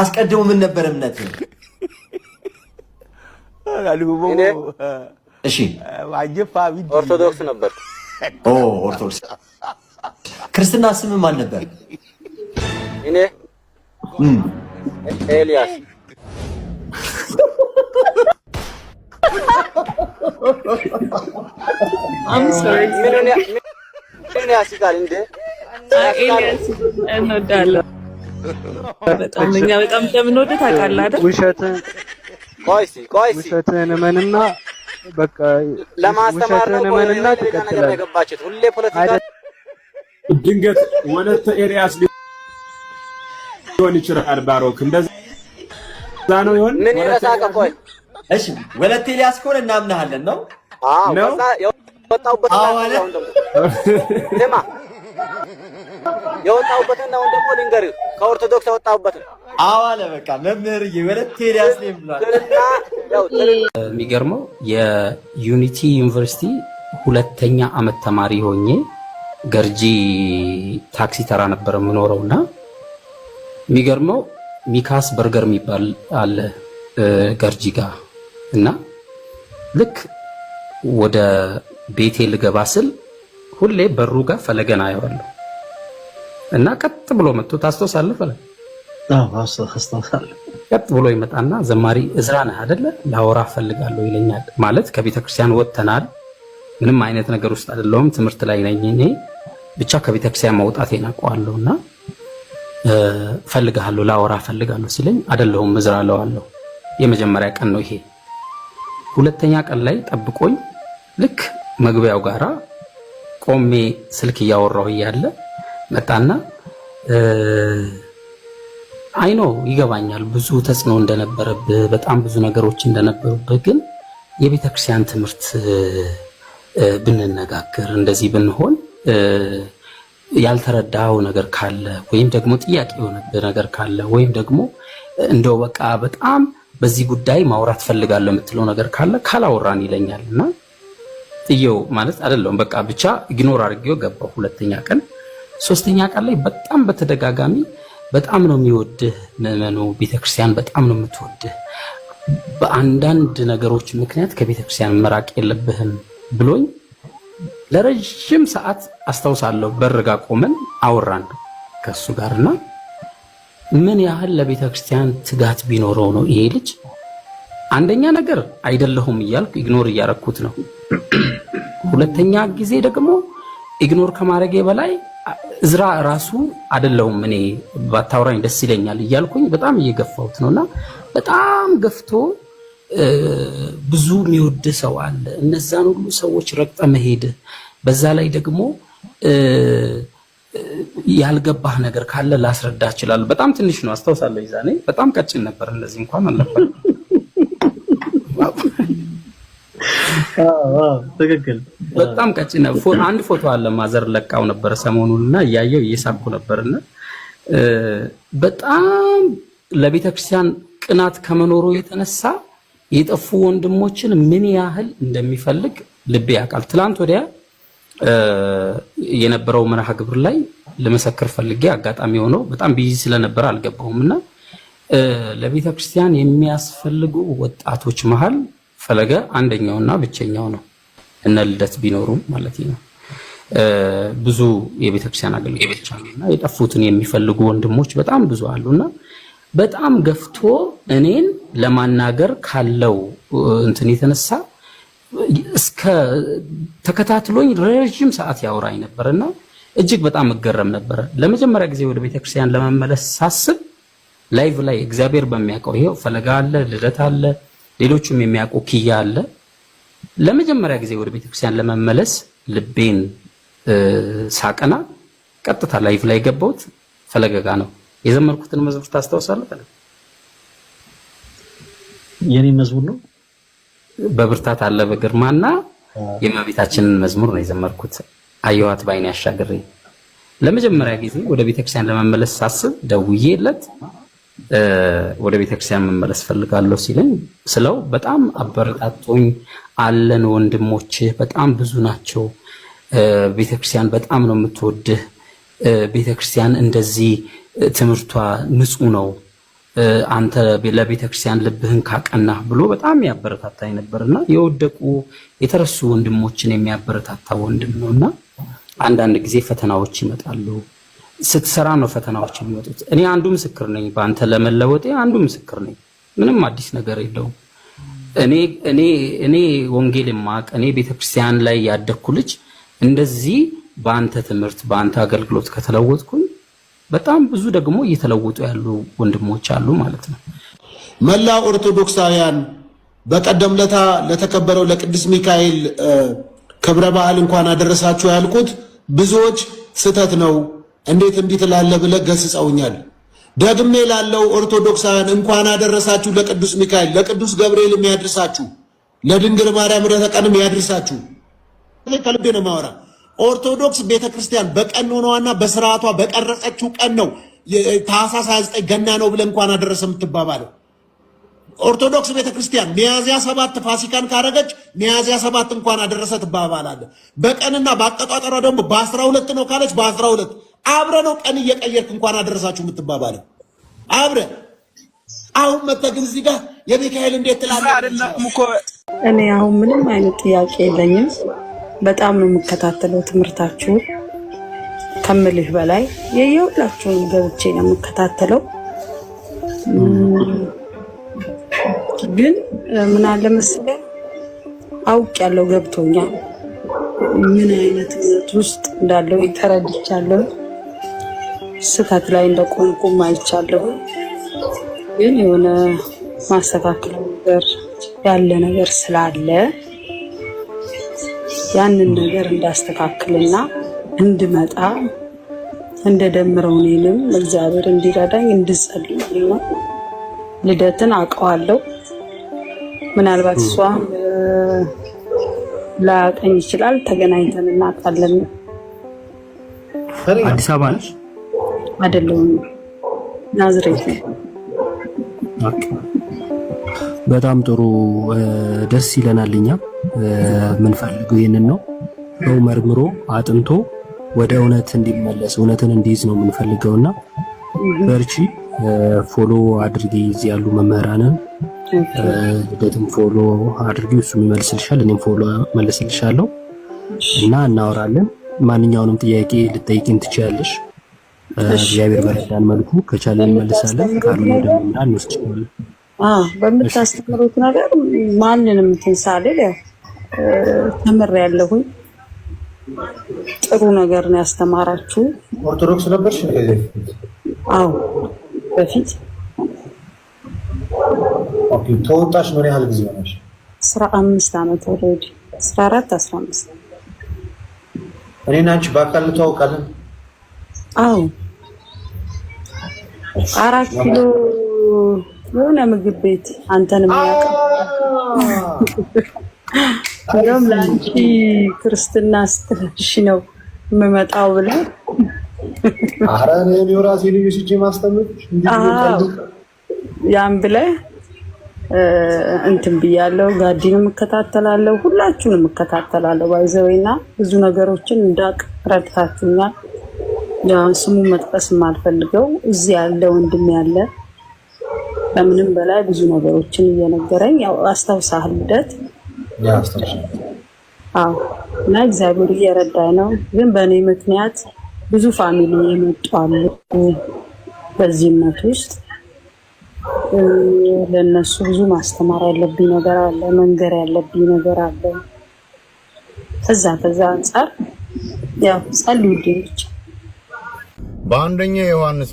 አስቀድሞ ምን ነበር እምነት? እሺ ኦርቶዶክስ ነበር። ኦ ኦርቶዶክስ። ክርስትና ስም ማን ነበር? እኔ ኤልያስ። ምን ያስቃል እንዴ? ኤልያስ እንወዳለን። በጣም እኛ በጣም እንደምንወድ ታውቃለህ አይደል? ውሸትህን ቆይ እስኪ ቆይ እስኪ ውሸትህን እመንና በቃ ለማስተማር ነው እመንና ትቀጥላለህ። የገባችሁት ሁሌ ፖለቲካ ድንገት ወለተ ኤሪያስ ሊሆን ይችላል። ባሮክ እንደዛ ነው ይሆን ምን ይረሳቀ ቆይ እሺ፣ ወለተ ኤሪያስ ከሆነ እናምናሃለን ነው አዎ ወጣውበት ነው ደማ የወጣሁበትን አሁን ደግሞ ልንገርህ፣ ከኦርቶዶክስ የወጣሁበትን አዋለ በቃ መምህርዬ ወለት ብሏል። የሚገርመው የዩኒቲ ዩኒቨርሲቲ ሁለተኛ አመት ተማሪ ሆኜ ገርጂ ታክሲ ተራ ነበር የምኖረው እና የሚገርመው ሚካስ በርገር የሚባል አለ ገርጂ ጋ እና ልክ ወደ ቤቴ ልገባ ስል ሁሌ በሩ ጋር ፈለገን አየዋለሁ እና ቀጥ ብሎ መጥቶ ታስታውሳለህ? ፈለ ቀጥ ብሎ ይመጣና ዘማሪ እዝራ ነህ አደለ ላወራ ፈልጋለሁ ይለኛል። ማለት ከቤተ ክርስቲያን ወጥተናል። ምንም አይነት ነገር ውስጥ አይደለሁም። ትምህርት ላይ ነኝ እኔ ብቻ ከቤተ ክርስቲያን መውጣቴን እና ፈልጋለሁ፣ ላወራ ፈልጋለሁ ሲለኝ አይደለሁም እዝራ እለዋለሁ። የመጀመሪያ ቀን ነው ይሄ። ሁለተኛ ቀን ላይ ጠብቆኝ ልክ መግቢያው ጋራ ቆሜ ስልክ እያወራሁ እያለ መጣና አይኖ ይገባኛል፣ ብዙ ተጽዕኖ እንደነበረብህ በጣም ብዙ ነገሮች እንደነበሩብህ፣ ግን የቤተ ክርስቲያን ትምህርት ብንነጋገር እንደዚህ ብንሆን ያልተረዳው ነገር ካለ ወይም ደግሞ ጥያቄ የሆነብህ ነገር ካለ ወይም ደግሞ እንደው በቃ በጣም በዚህ ጉዳይ ማውራት ፈልጋለሁ የምትለው ነገር ካለ ካላወራን ይለኛል እና ጥየው ማለት አይደለም። በቃ ብቻ ኢግኖር አድርጌው ገባው። ሁለተኛ ቀን ሶስተኛ ቀን ላይ በጣም በተደጋጋሚ በጣም ነው የሚወድህ ምዕመኑ፣ ቤተክርስቲያን በጣም ነው የምትወድህ፣ በአንዳንድ ነገሮች ምክንያት ከቤተክርስቲያን መራቅ የለብህም ብሎኝ ለረዥም ሰዓት አስታውሳለሁ። በርጋ ቆመን አወራን ከሱ ጋርና ምን ያህል ለቤተክርስቲያን ትጋት ቢኖረው ነው ይሄ ልጅ አንደኛ ነገር አይደለሁም እያልኩ ኢግኖር እያረኩት ነው ሁለተኛ ጊዜ ደግሞ ኢግኖር ከማድረጌ በላይ እዝራ ራሱ አይደለሁም እኔ ባታውራኝ ደስ ይለኛል እያልኩኝ በጣም እየገፋሁት እና በጣም ገፍቶ ብዙ የሚወድ ሰው አለ። እነዛን ሁሉ ሰዎች ረግጠ መሄድ በዛ ላይ ደግሞ ያልገባህ ነገር ካለ ላስረዳ እችላለሁ። በጣም ትንሽ ነው አስታውሳለሁ። ይዛኔ በጣም ቀጭን ነበር፣ እነዚህ እንኳን አልነበረም። ትክክል። በጣም ቀጭን አንድ ፎቶ አለ ማዘር ለቃው ነበር ሰሞኑን እና እያየው እየሳኩ ነበርና በጣም ለቤተ ክርስቲያን ቅናት ከመኖሩ የተነሳ የጠፉ ወንድሞችን ምን ያህል እንደሚፈልግ ልቤ ያውቃል። ትላንት ወዲያ የነበረው መርሃ ግብር ላይ ለመሰክር ፈልጌ አጋጣሚ ሆነው በጣም ቢዚ ስለነበረ አልገባሁም እና ለቤተ ክርስቲያን የሚያስፈልጉ ወጣቶች መሀል ፈለገ አንደኛውና ብቸኛው ነው። እነ ልደት ቢኖሩም ማለት ነው። ብዙ የቤተክርስቲያን አገልግሎቶች አሉና የጠፉትን የሚፈልጉ ወንድሞች በጣም ብዙ አሉና በጣም ገፍቶ እኔን ለማናገር ካለው እንትን የተነሳ እስከ ተከታትሎኝ ረዥም ሰዓት ያወራኝ ነበርና እጅግ በጣም እገረም ነበረ። ለመጀመሪያ ጊዜ ወደ ቤተክርስቲያን ለመመለስ ሳስብ ላይቭ ላይ እግዚአብሔር በሚያውቀው ይሄው ፈለጋ አለ፣ ልደት አለ ሌሎቹም የሚያውቁ ክያ አለ። ለመጀመሪያ ጊዜ ወደ ቤተክርስቲያን ለመመለስ ልቤን ሳቀና ቀጥታ ላይፍ ላይ የገባሁት ፈለገጋ ነው። የዘመርኩትን መዝሙር ታስታውሳለህ? የኔ መዝሙር ነው። በብርታት አለ በግርማና የእመቤታችንን መዝሙር ነው የዘመርኩት። አየዋት ባይኔ አሻግሬ። ለመጀመሪያ ጊዜ ወደ ቤተክርስቲያን ለመመለስ ሳስብ ደውዬለት ወደ ቤተክርስቲያን መመለስ ፈልጋለሁ ሲለኝ ስለው በጣም አበረታቶኝ አለን ወንድሞች በጣም ብዙ ናቸው። ቤተክርስቲያን በጣም ነው የምትወድህ። ቤተክርስቲያን እንደዚህ ትምህርቷ ንጹህ ነው። አንተ ለቤተክርስቲያን ልብህን ካቀና ብሎ በጣም ያበረታታኝ ነበርና የወደቁ የተረሱ ወንድሞችን የሚያበረታታ ወንድም እና አንዳንድ ጊዜ ፈተናዎች ይመጣሉ። ስትሰራ ነው ፈተናዎች የሚወጡት። እኔ አንዱ ምስክር ነኝ፣ በአንተ ለመለወጤ አንዱ ምስክር ነኝ። ምንም አዲስ ነገር የለውም። እኔ እኔ እኔ ወንጌል ማቅ እኔ ቤተክርስቲያን ላይ ያደግኩ ልጅ እንደዚህ በአንተ ትምህርት በአንተ አገልግሎት ከተለወጥኩኝ በጣም ብዙ ደግሞ እየተለወጡ ያሉ ወንድሞች አሉ ማለት ነው። መላ ኦርቶዶክሳውያን በቀደም ለታ ለተከበረው ለቅዱስ ሚካኤል ክብረ በዓል እንኳን አደረሳችሁ ያልኩት ብዙዎች ስህተት ነው እንዴት እንዲህ ብለ ብለህ ገስጸውኛል። ደግሜ ላለው ኦርቶዶክሳውያን እንኳን አደረሳችሁ ለቅዱስ ሚካኤል ለቅዱስ ገብርኤልም ያድርሳችሁ፣ ለድንግል ማርያም ረተቀን ያድርሳችሁ። ከልቤ ነው ማወራ። ኦርቶዶክስ ቤተክርስቲያን በቀኖናዋና በስርዓቷ በቀረጸችው ቀን ነው ታኅሳስ 29 ገና ነው ብለ እንኳን አደረሰ የምትባባለው። ኦርቶዶክስ ቤተክርስቲያን ሚያዝያ ሰባት ፋሲካን ካረገች ሚያዝያ ሰባት እንኳን አደረሰ ትባባላለ። በቀንና በአቀጣጠሯ ደግሞ በአስራ ሁለት ነው ካለች በአስራ ሁለት አብረ ነው ቀን እየቀየርክ እንኳን አደረሳችሁ የምትባባለው አብረ አሁን መጥተህ ግን እዚህ ጋር የሚካኤል እንዴት ትላለህ? አይደለም እኮ እኔ አሁን ምንም አይነት ጥያቄ የለኝም። በጣም ነው የምከታተለው ትምህርታችሁ ከምልህ በላይ የየሁላችሁን ገብቼ ነው የምከታተለው። ግን ምን አለ መሰለህ አውቅ ያለው ገብቶኛል፣ ምን አይነት እምነት ውስጥ እንዳለው ተረድቻለሁ። ስህተት ላይ እንደቆምኩም አይቻለሁ። ግን የሆነ ማስተካከለው ነገር ያለ ነገር ስላለ ያንን ነገር እንዳስተካክልና እንድመጣ እንደደምረው እኔንም እግዚአብሔር እንዲረዳኝ እንድጸልይ ነው። ልደትን አውቀዋለሁ። ምናልባት እሷ ላያውቀኝ ይችላል። ተገናኝተን እናውቃለን። አዲስ አበባ ነሽ? አይደለሁም፣ ናዝሬት ነው። በጣም ጥሩ ደስ ይለናል። እኛም የምንፈልገው ይህንን ነው። ሰው መርምሮ አጥንቶ ወደ እውነት እንዲመለስ እውነትን እንዲይዝ ነው የምንፈልገውና በርቺ። ፎሎ አድርጊ እዚህ ያሉ መምህራንን ልደትም ፎሎ አድርጊ፣ እሱም ይመልስልሻል፣ እኔም ፎሎ መልስልሻለሁ እና እናወራለን። ማንኛውንም ጥያቄ ልጠይቅን ትችያለሽ። እግዚአብሔር በረዳን መልኩ ከቻለን እንመልሳለን። ካሉ ደምና ምና በምታስተምሩት ነገር ማንንም ትንሳልል ተምር ያለሁኝ ጥሩ ነገር ነው ያስተማራችሁ። ኦርቶዶክስ ነበርሽ? አዎ በፊት ተወጣሽ። ምን ያህል ጊዜ ሆነሽ? አስራ አምስት ዓመት ወረድ አስራ አራት አስራ አምስት እኔ ናችሁ በአካል አዎ አራት ኪሎ የሆነ ምግብ ቤት አንተን የሚያውቅ እንደውም ለአንቺ ክርስትና ስትለሽ ነው የምመጣው ብለህ ኧረ እኔ ልዩ ማስተምር ያን እንትን እከታተላለሁ፣ ሁላችሁንም እከታተላለሁ። ባይዘወይና ብዙ ነገሮችን እንዳቅ ረድታችሁኛል። ስሙ መጥቀስ የማልፈልገው እዚህ ያለ ወንድም ያለ ከምንም በላይ ብዙ ነገሮችን እየነገረኝ ያው አስታውሳል ልደት እና እግዚአብሔር እየረዳኝ ነው። ግን በእኔ ምክንያት ብዙ ፋሚሊ የመጡ አሉ። በዚህ እምነት ውስጥ ለእነሱ ብዙ ማስተማር ያለብኝ ነገር አለ፣ መንገር ያለብኝ ነገር አለ። ከዛ ከዛ አንጻር ያው ጸልዩልኝ ብቻ በአንደኛ ዮሐንስ